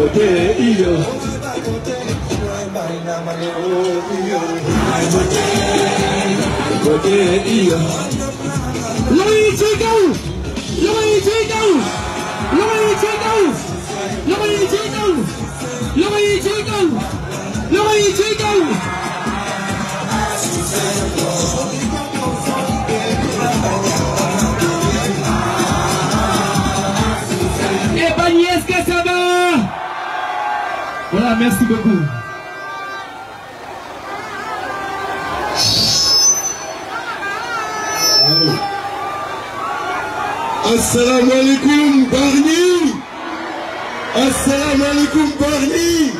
Jote iyo Jote iyo Jote iyo iyo merci beaucoup. Assalamu alaikum Barni Assalamu alaikum Barni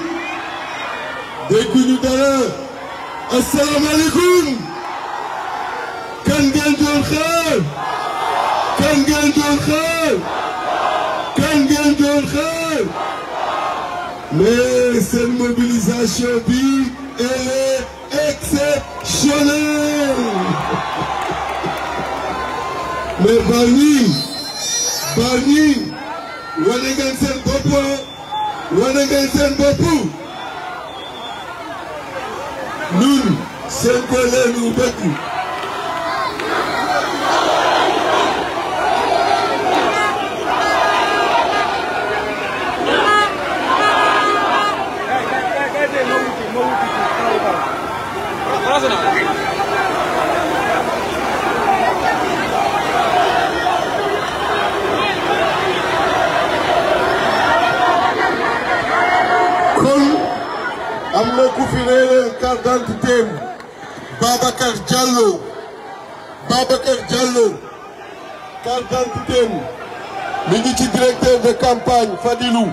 Dès que nous Assalamu alaikum Machabi, elle est exceptionnelle. Mais Bani, Bani, Wanegansen Bopo, Wanegansen Bopo. Nous, c'est nous beaucoup. ngeen Babacar Diallo Babacar Diallo ci directeur de campagne Fadilou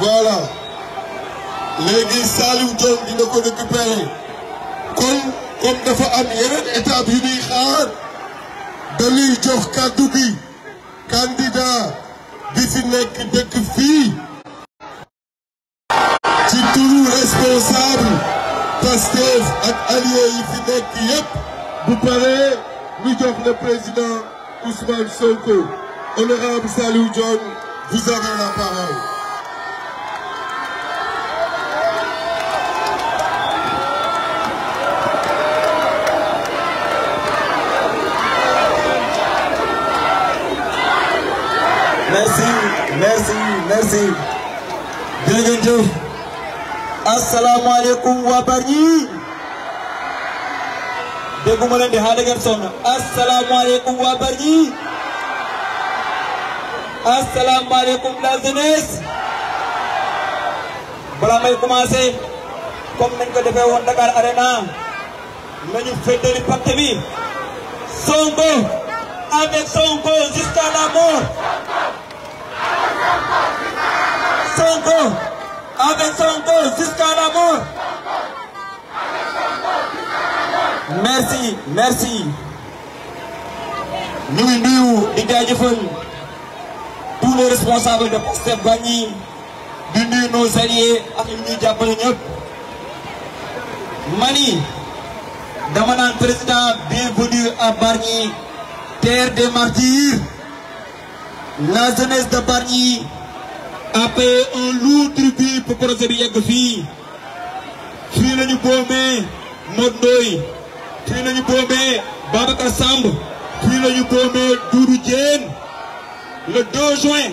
voilà kon comme dafa am yeneen étape yu ñuy xaar dañuy jox kàddu gi candidat bi fi nekk Vous parlez, nous le président Ousmane Sonko. Honorable Salou John, vous avez la parole. Merci, merci, merci. Bienvenue. Assalamu alaikum wa barakatuh. dégguma leen di xaar ngeen sonn asalaamaaleykum waa Bargny asalaamaaleykum la jeunesse balaa may commencé comme nañ ko defee woon Arena nañu féddali pacte bi Sonko avec Sonko jusqu'à la mort Sonko avec Sonko jusqu'à la mort merci merci Nous, nous, tous les responsables de Poste nous, nos alliés nous, nous, nous, mani président bienvenue à Barny, terre des martyrs la jeunesse de Barny a payé un lourd tribut pour procéder fille du Fille fii la ñu boobee Babacar Samb fii la ñu boobee Doudou le 2 juin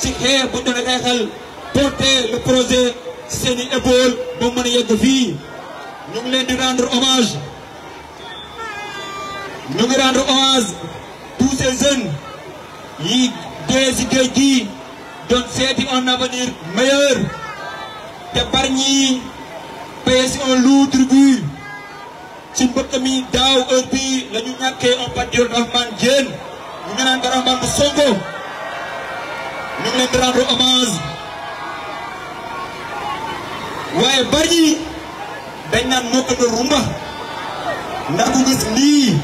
ci xeex bu ñu doon xeexal porter le projet seen i épaule ba mën a yegg fii ñu leen di rendre hommage ñu ngi rendre hommage tous ces yi dee ci géej gi doon seeti un avenir meilleur te par ñi paye un lourd tribut Cumber kami dau erti lenyunya ke empat jur rahman jen Nungan antar rahman kesongko Nungan terang roh amaz Wai bayi Dengan mokan rumah Naku gizli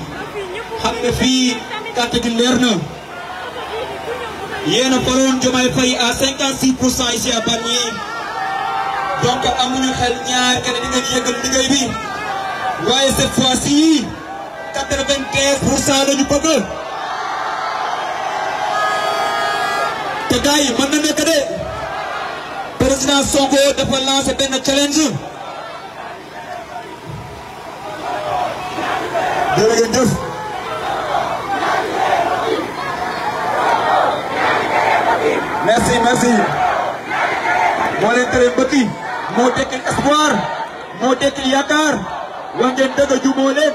Hamne fi kata gilerna Yen peron jomai fai asengkan si prusai siapa ni Donka amunya khalnya kerana dia dia gendigai bih waaye cette fois-ci quatre-vingt-quinze pour cent bëgg. te gars yi mën na nekk de président Sonko dafa lancé benn challenge. jërëjëf. merci merci. moo leen tere mbëkk moo tekkil espoir moo tekkil yaakaar. wax ngeen dëgg jubóo leen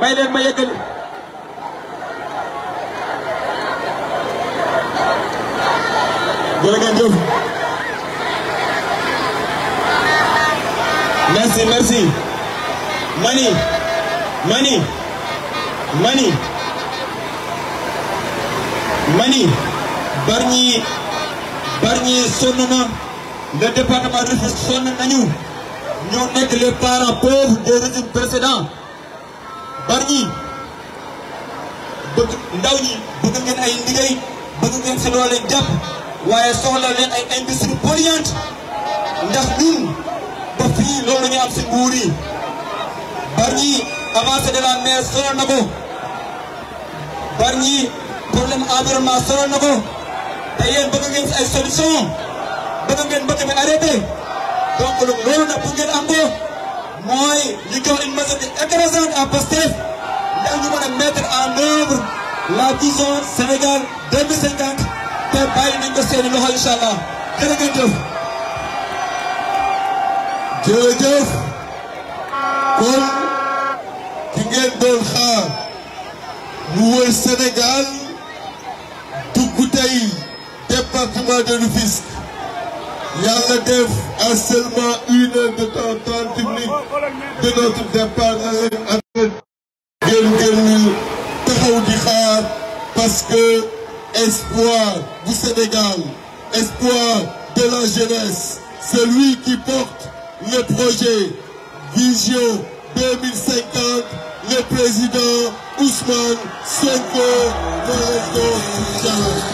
may leen ma yëkkali jërëngeen jëf merci merci mani mani mani mani bar ñi bar na le département de Rufus nañu ñoo nekk les parents pauvres des régimes précédents bari ñi bëgg ndaw ay liggéey bëgg ngeen si loo leen jàpp waaye soxla leen ay industrie polluante ndax ñun ba fii loolu la ñu am si nguur yi bari ñi avancée de la mer sonal na ko bari ñi problème environnement ay solution bëgg ngeen mbëkk donc loolu nag bu ngeen mooy ñu jox une majorité écrasante à Pastef ndax ñu mën a mettre en œuvre la vision Sénégal 2050 te bàyyi nañ ko seeni loxo incha allah jërëjëf. jërëjëf kon ki ngeen doon xaar mu wër Sénégal dugg tey département de Rufisque. la def a seulement une heure de temps temps minutes de notre départ avec leen parce que espoir du Sénégal espoir de la jeunesse celui qui porte le projet Vision 2050 le président Ousmane Sonko le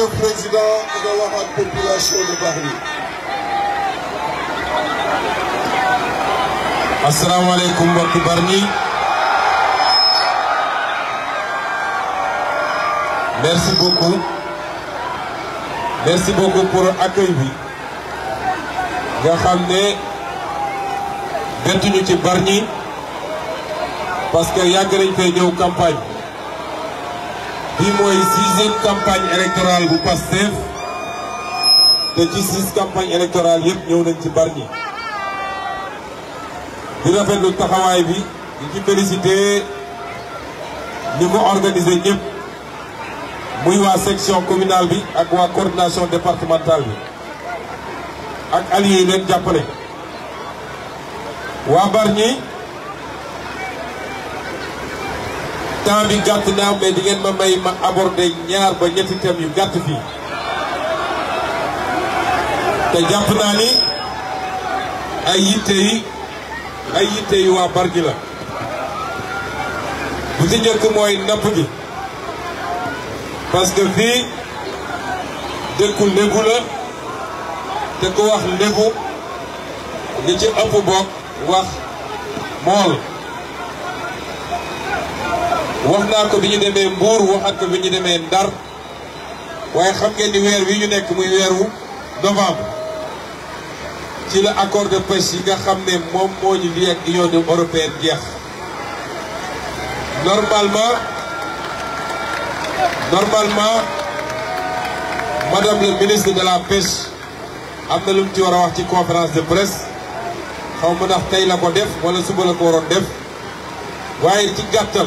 le président de la population de Assalamu alaikum mbokki Barni. merci beaucoup. merci beaucoup pour accueillir bi. nga Bienvenue à bettuñu ci parce que yàgg nañ fee la campagne y a sixième campagne électorale bu Pastef te ci campagne électorale yëpp ñëw nañ ci Bargny di rafetlu taxawaay bi di ci félicité le niveau organisé de la section communale bi ak coordination départementale bi ak alliés yi leen jàppale temps bi gàtt naa mais di ngeen ma may ma aborder ñaar ba ñetti thèmes yu gàtt fii te jàpp naa ni ay yitte yi ay yitte yi waa Bargny la bu ci njëkk mooy napp gi parce fii dëkku ndegu la te ku wax ndegu li ci ëpp bokk wax mool wax naa ko bi ñu demee Mbour ak ko bi ñu demee Ndar waaye xam ngeen ni weer wi ñu nekk muy weeru novembre ci la accord de pêche yi nga xam ne moom moo ñu lii ak union européenne jeex normalement madame le ministre de la pêche am na lum mu ci war a wax ci conférence de presse xaw ma ndax tey la ko def wala suba la ko waroon def waaye ci gàttal.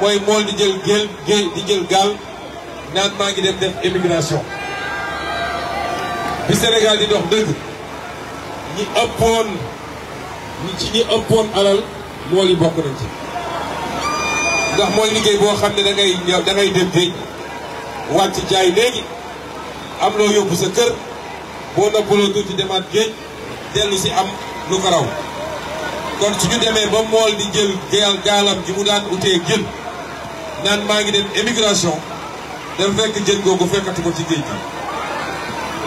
mooy mool di jël gél di jël gaal naan maa ngi dem def émigration bi Sénégal di dox dëgg ñi ëppoon ñi ci ñi ëppoon alal mool yi bokk nañ ci ndax mooy liggéey boo xam ne dangay ngay ñëw da ngay jaay léegi am loo yóbbu sa kër boo noppaloo tuuti demaat géej dellu si am lu ko raw kon suñu demee ba mool di jël gaal gaalam ji mu daan utee jën naan maa ngi dem émigration dem fekk jën googu fekkatuma ci géej gi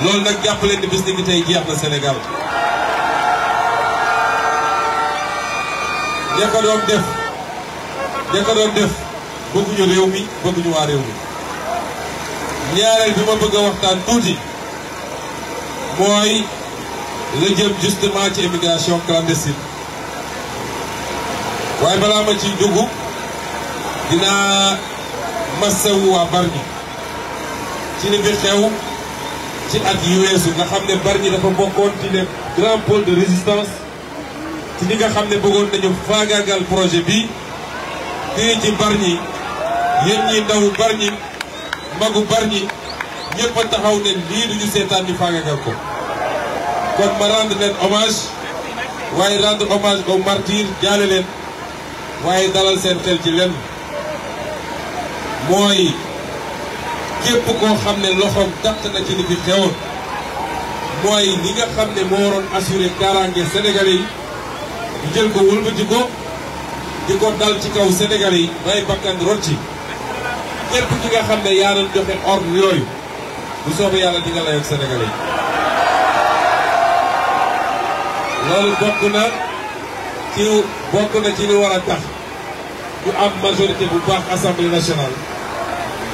loolu nag jàpp leen ni bis ni ngi tey jeex na Sénégal ña ko doon def ña ko doon def bëgguñu réew mi bëgguñu waa réew mi ñaareel bi ma bëgg a waxtaan tuuti mooy la jëm justement ci immigration clandestine waaye balaa ma ciy dugg dinaa masawu waa Bargny ci li fi xew ci at yi nga xam ne Bargny dafa bokkoon ci les grands pôles de résistance ci li nga xam ne bëggoon nañu faagaagal projet bi fii ci Bargny yéen ñi ndaw Bargny magu Bargny ñëpp a taxaw ne lii duñu seetaan ñu faagaagal ko kon ma rendre leen hommage waaye rendre hommage aux martyrs jaale leen waaye dalal seen xel ci lenn mooy képp koo xam ne loxoom dàq na ci li fi xewoon mooy li nga xam ne moo waroon assuré kaaraange sénégalais yi ñu jël ko wëlbati ko di ko dal ci kaw sénégalais yi bay bakkan rot ci képp ki nga xam ne yaa doon joxe yooyu bu soobee yàlla di nga layoog sénégalais yi loolu bokk na ci bokk na ci li war a tax ñu am majorité bu baax assemblée nationale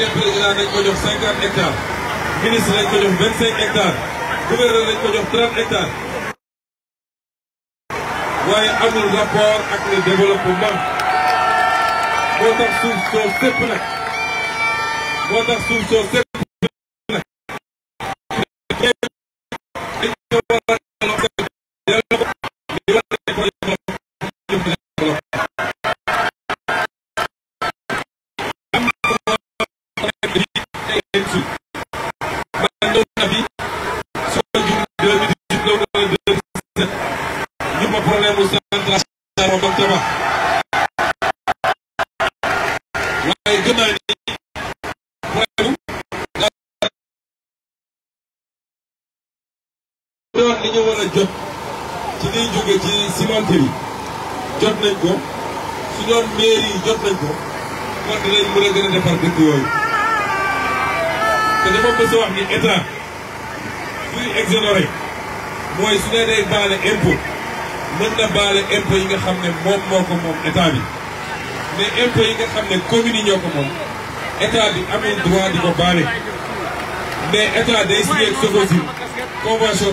Premier président a été de 50 hectares, le ministre a été de 25 hectares, le gouverneur a li ñu war a jot ci liy jóge ci cimenterie jot nañ ko su doon mairie yi jot nañ ko kon dinañ mën a gën a defar dëkk yooyu te dafa mës wax ni état suy exonéré mooy su ne day baale impôt mën na baale impôt yi nga xam ne moom moo ko moom état bi mais impôt yi nga xam ne commune yi ñoo ko moom état bi amul droit di ko baale mais état day signé ak Sococim convention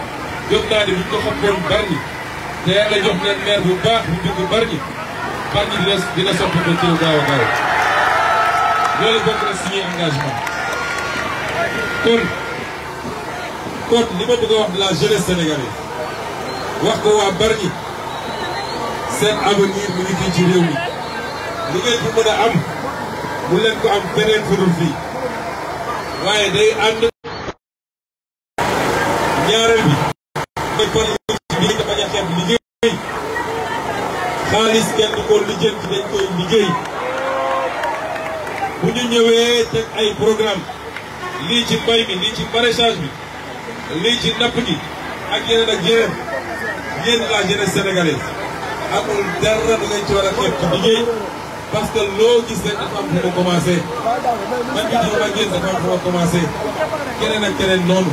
yóbbaale bu ñu ko xampoon Bargny te yàlla jox leen bu baax bu dugg Bargny Bargny dina dina soppi ko ci gaaw a gaaw loolu bokk na suñuy engagement kon kon li ma de la jeunesse sénégalaise wax ko waa Bargny seen avenir mu ngi fii ci réew mi li ngeen fi mën a am mu leen ko am beneen furul fii waaye day ànd xaalis kenn du ko lijjanti dañ koy liggéey bu ñu ñëwee teg ay programme lii ci mbay mi lii ci maraîchage bi lii ci napp gi ak yeneen ak yeneen yéen la jeunesse sénégalaise amul dara du ngeen ci war a xeeb ci que loo gis rek dafa am fu mu commencé man mii di ak am fu mu commencé keneen ak keneen noonu.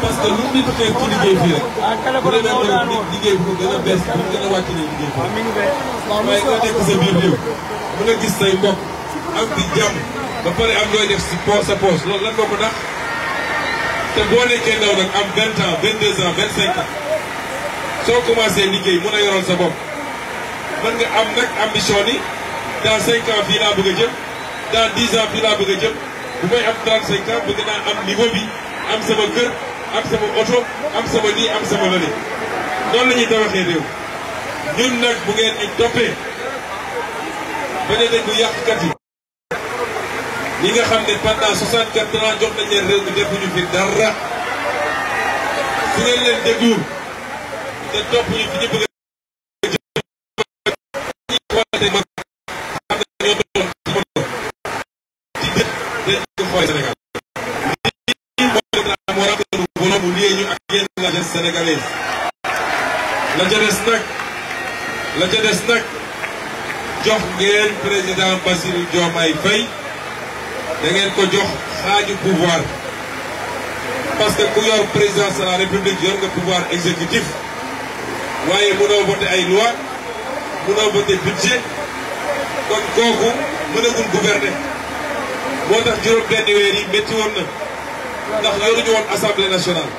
parce que lu nit fekk ci liggéey fii rek. Ah, bu dee da nga liggéey bu gën a bu gën nga gis say mbokk am di jàmm ba pare am looy def si poos sa poos loolu lan moo ko te boo nekkee ndaw nag am 20 ans 22 ans 25 soo commencé liggéey mën a yoroon sa bopp mën nga am nag ambition ni dans 5 ans fii laa bëgg a jëm dans 10 ans fii laa bëgg a jëm bu may am 35 ans bëgg naa am niveau bi am sama kër. am sama auto am sama nii am sama lële noonu la ñuy tabaxee réew ñun nag bu ngeen ñu toppee ba ne dañ du yàqkat yi ñi nga xam ne pendant soixante quatre ans jox nañ leen réew mi defuñu fi dara su ngeen jeunesse sénégalaise la ca des nag nag jox ngeen président Bassirou Diomaye Faye da ngeen ko jox xaaju pouvoir parce que ku yor présidence de la république yor nga pouvoir exécutif waaye mënoo voté ay loi mënoo voté budget kon kooku mënagul gouverner moo tax juróom benn weer yi woon na ndax yoruñu woon assemblée nationale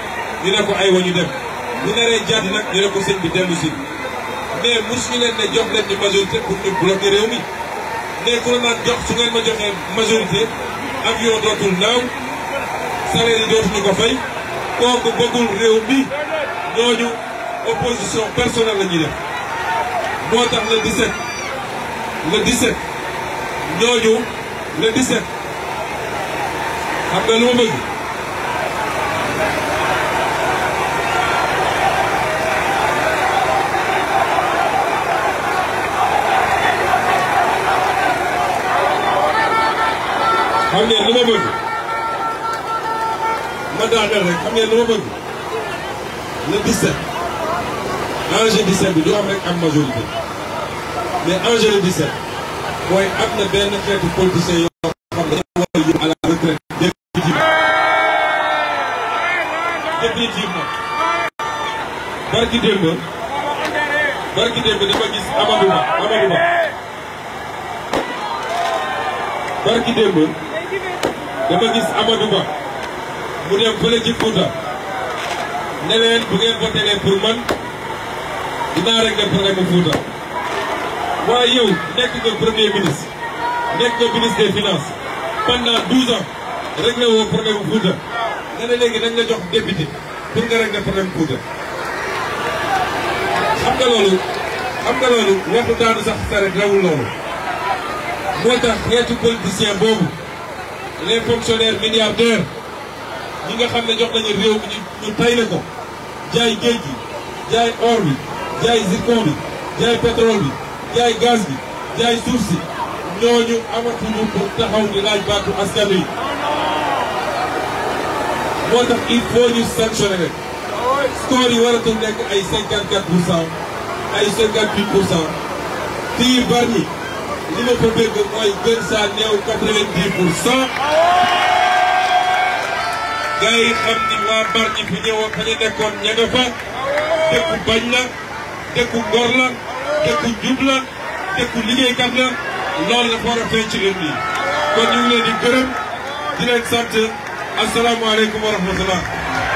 dina ko ay wañu dem bu naree jàdd nak ñu ko sëñ bi dellu si mais mosuñu leen ne jox leen ni majorité pour ñu bloquer réew mi mais ko la jox su ngeen ma joxee majorité ak yo dootul naw salaire yi dootuñu ko fay ko ko bëggul réew mi ñooñu opposition personnelle la ñuy def moo tax le 17 le 17 ñooñu le 17 xam nga lu ma bëgg. xam ngeen ma bëgg rek xam ngeen lu ma bëgg le 17 enjeu 17 bi du am rek am majorité mais enjeu le 17 mooy am na benn xeetu politicien yoo xam ne dañu war a yóbbu à la retraite barki démb barki démb dama gis Amadou Ba Amadou Ba barki démb dama gis Amadou Ba mu dem fële ci Fouta ne leen bu ngeen votelee pour man dinaa régler problème mu Fouta waaye yow nekk nga premier ministre nekk nga ministre des finances pendant 12 ans réglé woo problème mu Fouta léegi nañ la jox député pour nga na problème mu Fouta xam nga loolu xam nga loolu waxu daanu sax saret rawul loolu moo tax xeetu politicien boobu les fonctionnaires milliardaires ñi nga xam ne jox nañu réew mi ñu ñu tayle ko jaay géej gi jaay or bi jaay zircon bi jaay pétrole bi jaay gaz bi jaay suuf si ñooñu amatuñu pour taxaw di laaj baatu askan wi moo tax il faut ñu sanctionné rek yi waratul nekk ay 54 pour cent ay 58 pour cent tii bari li ma ko bëgg mooy gën saa néew quatre-vingt-dix pour cent gars yi xam ni waa Bargny fi ñëwoon fa ñu nekkoon ña nga fa bañ la dëkku ngor la dëkku njub la dëkku liggéeykat la loolu dafa war a feeñ ci réew mi kon ñu leen di gërëm di leen sant asalaamaaleykum wa rahmatullah